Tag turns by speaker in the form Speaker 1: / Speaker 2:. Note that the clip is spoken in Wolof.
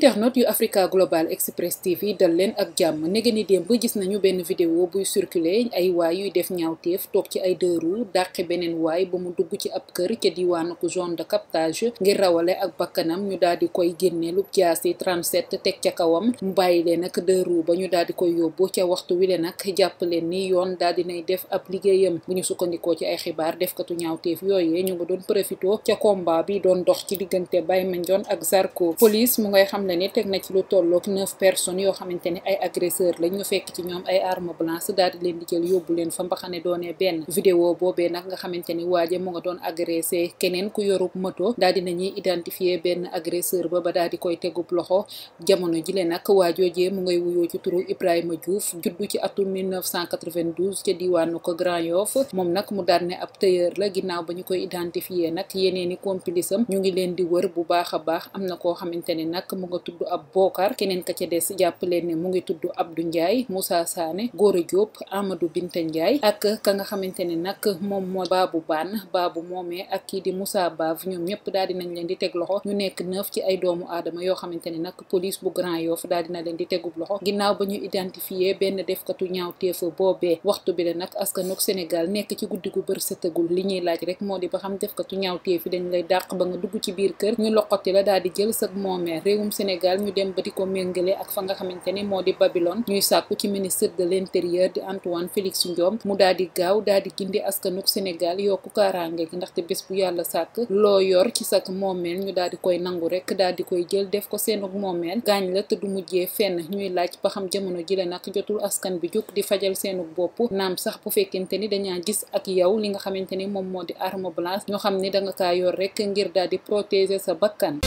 Speaker 1: internet yu Africa Global Express TV dal leen ak jàmm nege ni démb gis nañu benn vidéo buy circuler ay waay yuy def ñaawteef toog ci ay dëru dàqe beneen waay ba mu dugg ci ab kër ca diwaanu zone de captage ngir rawale ak bakkanam ñu daal di koy génne lu jaasi 37 teg ca kawam mu bàyyi leen ak dëru ba ñu daal di koy yóbbu ca waxtu wi leen nag jàpp leen ni yoon daal di nay def ab liggéeyam bu ñu sukkandikoo ci ay xibaar defkatu ñaawteef yooyee ñu nga doon profito ca combat bi doon dox ci diggante Baye Mandione ak Zarko police mu ngay xam na ne teg na ci lu tollook neuf personnes yoo xamante ne ay agresseur lañ ñu fekk ci ñoom ay arme blanche daal di leen di jël yóbbu leen fa mbaxane doonee benn vidéo boobee nag nga xamante ni waaje mu nga doon agressé keneen ku yorub moto daal di nañuy identifier benn agresseur ba ba daal di koy tegub loxo mu ngay wuyoo ci turu Ibrahima Diouf juddu ci atum ca diwaanu ko Grand Yoff moom nag mu daal ne ab tailleur la ginnaaw ba ñu koy identifier nag yeneeni complice am ñu ngi leen di wër bu baax a baax am na koo xamante ne nag mu tudd ab Bokar keneen ka ca des jàpp leen ne mu ngi tudd ab Abdou Ndiaye Moussa Sané Gora Diop Amadou Binta Ndiaye ak ka nga xamante ne nag moom moo Babou Bane Babou moomee ak kii di Moussa Bav ñoom ñëpp daal di nañ leen di teg ñu nekk neuf ci ay doomu aadama yoo xamante ne nag police bu Grand Yoff daal dina leen di tegub loxo ginnaaw ba ñu identifié benn defkatu ñaawteef boobee waxtu bi la nag askanug Sénégal nekk ci guddi gu bër sëtagul li ñuy laaj rek moo di ba xam defkatu ñaawteef yi dañ lay dàq ba nga dugg ci biir kër ñu loqoti la daal di jël sag Senegal ñu dem ba di ko méngale ak fa nga xamante ne moo ñuy ci ministre de l'intérieur di Antoine Félix Ndiom mu di gaaw daal di gindi askanuk Senegal yokku kaaraange gi ndaxte bés bu yàlla sàkk loo yor ci sak moomeel ñu daal di koy nangu rek daal koy jël def ko seenuk moomeel gaañ la te du mujjee fenn ñuy laaj ba xam jamono ji la jotul askan bi jóg di fajal seenuk bopp naam sax bu fekkente ni dañaa gis ak yow li nga xamante ni moom moo di arme blanche da nga yor rek ngir protéger sa bakkan